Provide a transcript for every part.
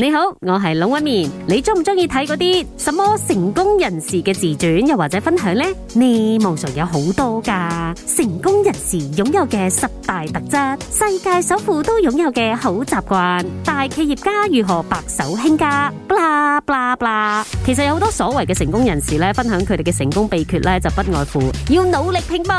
你好，我係龍紋敏。你中唔中意睇嗰啲什麼成功人士嘅自傳，又或者分享呢？呢，網上有好多噶，成功人士擁有嘅十大特質，世界首富都擁有嘅好習慣，大企業家如何白手興家，啦啦啦。其實有好多所謂嘅成功人士咧，分享佢哋嘅成功秘訣咧，就不外乎要努力拼搏，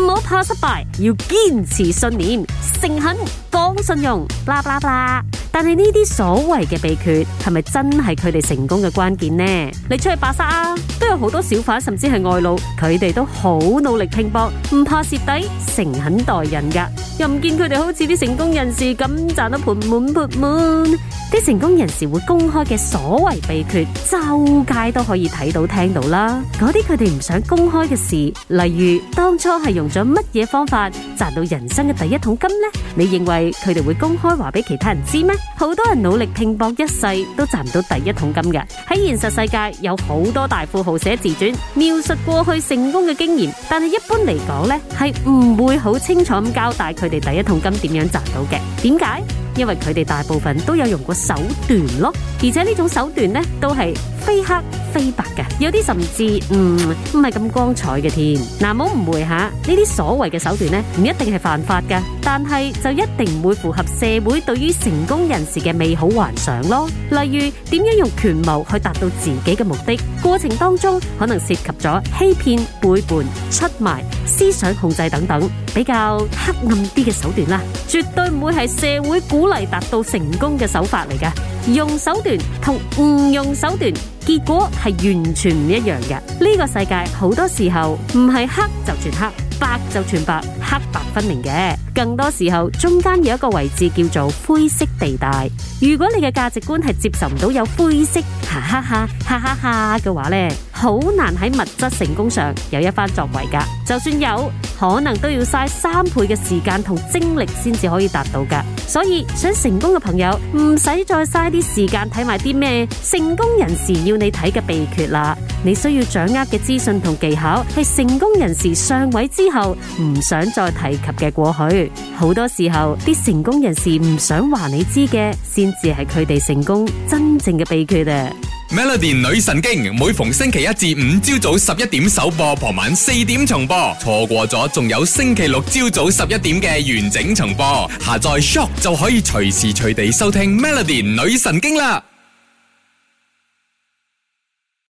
唔好怕失敗，要堅持信念，誠懇講信用，啦啦啦。但係呢啲所謂嘅秘訣係咪真係佢哋成功嘅關鍵呢？你出去巴剎啊，都有好多小販甚至係外勞，佢哋都好努力拼搏，唔怕蝕底，誠懇待人㗎，又唔見佢哋好似啲成功人士咁賺得盆滿缽滿。啲成功人士會公開嘅所謂秘訣，周街都可以睇到聽到啦。嗰啲佢哋唔想公開嘅事，例如當初係用咗乜嘢方法賺到人生嘅第一桶金呢？你認為佢哋會公開話俾其他人知咩？好多人努力拼搏一世都賺唔到第一桶金嘅。喺現實世界有好多大富豪寫自傳，描述過去成功嘅經驗，但係一般嚟講咧係唔會好清楚咁交代佢哋第一桶金點樣賺到嘅。點解？因為佢哋大部分都有用過手段咯，而且呢種手段咧都係非黑。非白嘅，有啲甚至唔唔係咁光彩嘅添。嗱、啊，唔好誤會吓，呢、啊、啲所謂嘅手段呢，唔一定係犯法㗎，但係就一定唔會符合社會對於成功人士嘅美好幻想咯。例如，點樣用權謀去達到自己嘅目的，過程當中可能涉及咗欺騙、背叛、出賣、思想控制等等比較黑暗啲嘅手段啦，絕對唔會係社會鼓勵達到成功嘅手法嚟嘅。用手段同唔用手段，結果係完全唔一樣嘅。呢個世界好多時候唔係黑就全黑，白就全白，黑白分明嘅。更多時候中間有一個位置叫做灰色地帶。如果你嘅價值觀係接受唔到有灰色，哈哈哈，哈哈哈嘅話咧，好難喺物質成功上有一番作為噶，就算有可能都要嘥三倍嘅時間同精力先至可以達到噶。所以想成功嘅朋友唔使再嘥啲時間睇埋啲咩成功人士要你睇嘅秘訣啦。你需要掌握嘅資訊同技巧係成功人士上位之後唔想再提及嘅過去。好多時候啲成功人士唔想話你知嘅，先至係佢哋成功真正嘅秘訣啊。Melody 女神經每逢星期一至五朝早十一點首播，傍晚四點重播。錯過咗，仲有星期六朝早十一點嘅完整重播。下載 SYOK 就可以隨時隨地收聽 Melody 女神經啦。